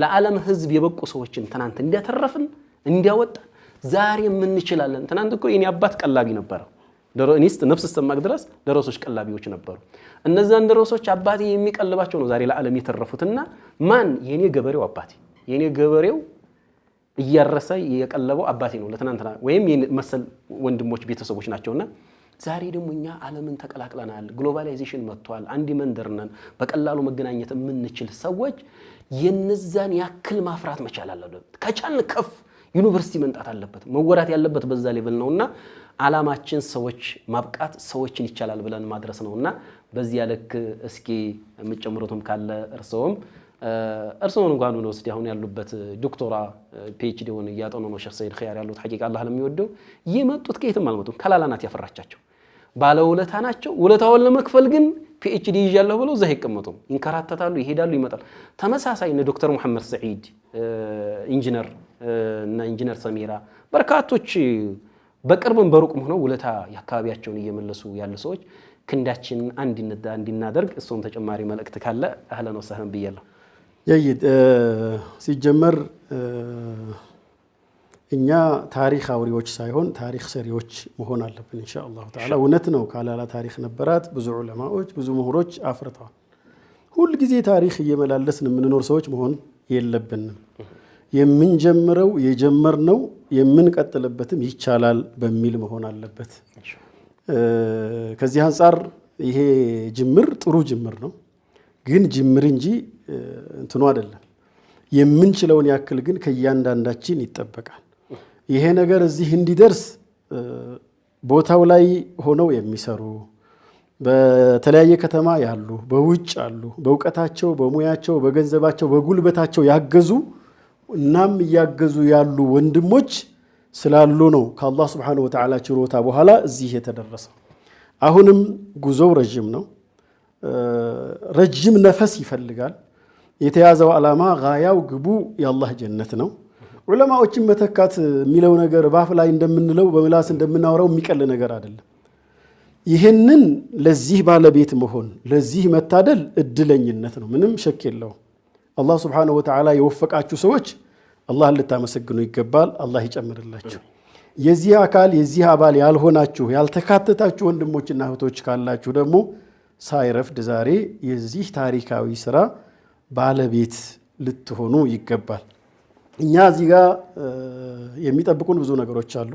ለዓለም ሕዝብ የበቁ ሰዎችን ትናንት እንዲያተረፍን እንዲያወጣን ዛሬም እንችላለን። ትናንት እኮ የኔ አባት ቀላቢ ነበረ። እኔስት ነፍስ እስከማቅ ድረስ ደረሶች ቀላቢዎች ነበሩ። እነዛን ደረሶች አባቴ የሚቀልባቸው ነው ዛሬ ለዓለም የተረፉትና ማን የኔ ገበሬው አባቴ የኔ ገበሬው እያረሰ የቀለበው አባቴ ነው ለትናንትና ወይም መሰል ወንድሞች ቤተሰቦች ናቸውና ዛሬ ደግሞ እኛ ዓለምን ተቀላቅለናል። ግሎባላይዜሽን መጥቷል። አንድ መንደር ነን። በቀላሉ መገናኘት የምንችል ሰዎች የነዛን ያክል ማፍራት መቻል አለበት። ከቻልን ከፍ ዩኒቨርሲቲ መምጣት አለበት። መወራት ያለበት በዛ ሌቭል ነው እና ዓላማችን ሰዎች ማብቃት ሰዎችን ይቻላል ብለን ማድረስ ነው እና በዚህ ያለክ እስኪ የምጨምሩትም ካለ እርስዎም እርስዎን እንኳን ብንወስድ አሁን ያሉበት ዶክቶራ ፒኤችዲ ሆን እያጠኑ ነው ሼክ ሰይድ ኸያር ያሉት ሐቂቃ አላህ ለሚወደው የመጡት ከየትም አልመጡም። ከላላናት ያፈራቻቸው ባለ ውለታ ናቸው። ውለታውን ለመክፈል ግን ፒኤችዲ ይዣለሁ ብለው እዛ ይቀመጡም፣ ይንከራተታሉ፣ ይሄዳሉ፣ ይመጣሉ። ተመሳሳይ እነ ዶክተር መሐመድ ሰዒድ ኢንጂነር እና ኢንጂነር ሰሜራ በርካቶች በቅርብም በሩቅም ሆነው ውለታ የአካባቢያቸውን እየመለሱ ያሉ ሰዎች ክንዳችን አንድ እንድናደርግ እሱም ተጨማሪ መልእክት ካለ አህለን ወሰህለን ብያለሁ። ሲጀመር እኛ ታሪክ አውሪዎች ሳይሆን ታሪክ ሰሪዎች መሆን አለብን። እንሻ አላሁ ተዓላ እውነት ነው። ካላላ ታሪክ ነበራት። ብዙ ዑለማዎች፣ ብዙ ምሁሮች አፍርተዋል። ሁልጊዜ ታሪክ እየመላለስን የምንኖር ሰዎች መሆን የለብንም። የምንጀምረው የጀመርነው የምንቀጥልበትም ይቻላል በሚል መሆን አለበት። ከዚህ አንጻር ይሄ ጅምር ጥሩ ጅምር ነው፣ ግን ጅምር እንጂ እንትኑ አይደለም። የምንችለውን ያክል ግን ከእያንዳንዳችን ይጠበቃል። ይሄ ነገር እዚህ እንዲደርስ ቦታው ላይ ሆነው የሚሰሩ በተለያየ ከተማ ያሉ፣ በውጭ አሉ በእውቀታቸው፣ በሙያቸው፣ በገንዘባቸው፣ በጉልበታቸው ያገዙ እናም እያገዙ ያሉ ወንድሞች ስላሉ ነው ከአላህ ስብሓነሁ ወተዓላ ችሮታ በኋላ እዚህ የተደረሰው። አሁንም ጉዞው ረዥም ነው። ረጅም ነፈስ ይፈልጋል። የተያዘው ዓላማ ጋያው ግቡ የአላህ ጀነት ነው። ዑለማዎችን መተካት የሚለው ነገር ባፍ ላይ እንደምንለው በምላስ እንደምናወራው የሚቀል ነገር አይደለም። ይህንን ለዚህ ባለቤት መሆን ለዚህ መታደል እድለኝነት ነው፣ ምንም ሸክ የለው። አላህ ስብሓነሁ ወተዓላ የወፈቃችሁ ሰዎች አላህን ልታመሰግኑ ይገባል። አላህ ይጨምርላችሁ። የዚህ አካል የዚህ አባል ያልሆናችሁ ያልተካተታችሁ ወንድሞችና እህቶች ካላችሁ ደግሞ ሳይረፍድ ዛሬ የዚህ ታሪካዊ ስራ ባለቤት ልትሆኑ ይገባል። እኛ እዚህ ጋር የሚጠብቁን ብዙ ነገሮች አሉ።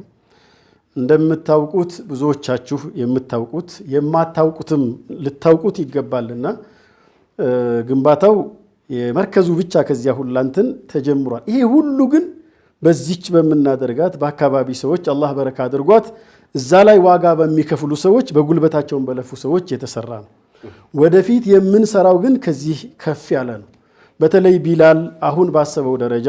እንደምታውቁት ብዙዎቻችሁ የምታውቁት የማታውቁትም ልታውቁት ይገባልና ግንባታው የመርከዙ ብቻ ከዚያ ሁላንትን ተጀምሯል። ይሄ ሁሉ ግን በዚች በምናደርጋት በአካባቢ ሰዎች አላህ በረካ አድርጓት እዛ ላይ ዋጋ በሚከፍሉ ሰዎች በጉልበታቸውን በለፉ ሰዎች የተሰራ ነው። ወደፊት የምንሰራው ግን ከዚህ ከፍ ያለ ነው። በተለይ ቢላል አሁን ባሰበው ደረጃ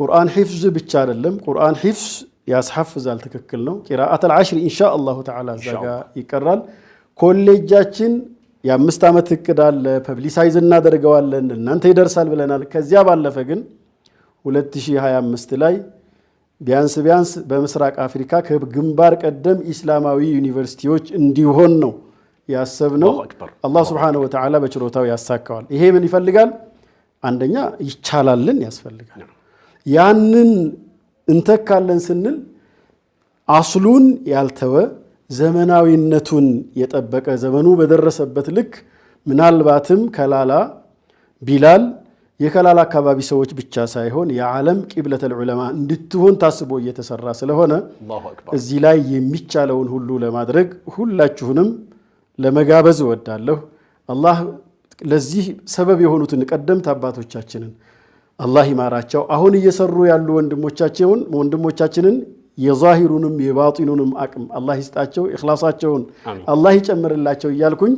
ቁርአን ሒፍዝ ብቻ አይደለም። ቁርአን ሒፍዝ ያስሐፍዛል፣ ትክክል ነው። ቂራአተል ዓሽር ኢንሻ አላሁ ተዓላ እዛ ጋ ይቀራል። ኮሌጃችን የአምስት ዓመት እቅድ አለ፣ ፐብሊሳይዝ እናደርገዋለን፣ እናንተ ይደርሳል ብለናል። ከዚያ ባለፈ ግን 2025 ላይ ቢያንስ ቢያንስ በምስራቅ አፍሪካ ከግንባር ቀደም ኢስላማዊ ዩኒቨርሲቲዎች እንዲሆን ነው ያሰብነው። አላህ ሱብሓነሁ ወተዓላ በችሮታው ያሳካዋል። ይሄ ምን ይፈልጋል? አንደኛ ይቻላልን ያስፈልጋል። ያንን እንተካለን ስንል አስሉን ያልተወ ዘመናዊነቱን የጠበቀ ዘመኑ በደረሰበት ልክ ምናልባትም ከላላ ቢላል የከላላ አካባቢ ሰዎች ብቻ ሳይሆን የዓለም ቂብለተል ዑለማ እንድትሆን ታስቦ እየተሰራ ስለሆነ እዚህ ላይ የሚቻለውን ሁሉ ለማድረግ ሁላችሁንም ለመጋበዝ እወዳለሁ። አላህ ለዚህ ሰበብ የሆኑትን ቀደምት አባቶቻችንን አላህ ይማራቸው። አሁን እየሰሩ ያሉ ወንድሞቻቸውን ወንድሞቻችንን የዛሂሩንም የባጢኑንም አቅም አላህ ይስጣቸው፣ ኢኽላሳቸውን አላህ ይጨምርላቸው እያልኩኝ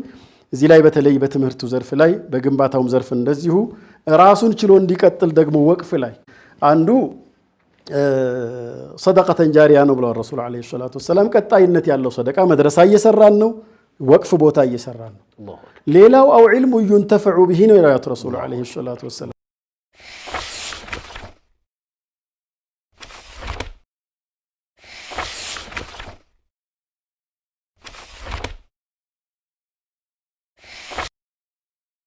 እዚህ ላይ በተለይ በትምህርቱ ዘርፍ ላይ በግንባታውም ዘርፍ እንደዚሁ ራሱን ችሎ እንዲቀጥል ደግሞ ወቅፍ ላይ አንዱ ሰደቀተን ጃሪያ ነው ብለዋል ረሱል ዓለይሂ ሰላቱ ወሰላም። ቀጣይነት ያለው ሰደቃ መድረሳ እየሰራን ነው፣ ወቅፍ ቦታ እየሰራን ነው። ሌላው አው ዒልሙ ዩንተፈዑ ብሂ ነው ያሉት ረሱል ዓለይሂ ሰላቱ ወሰላም።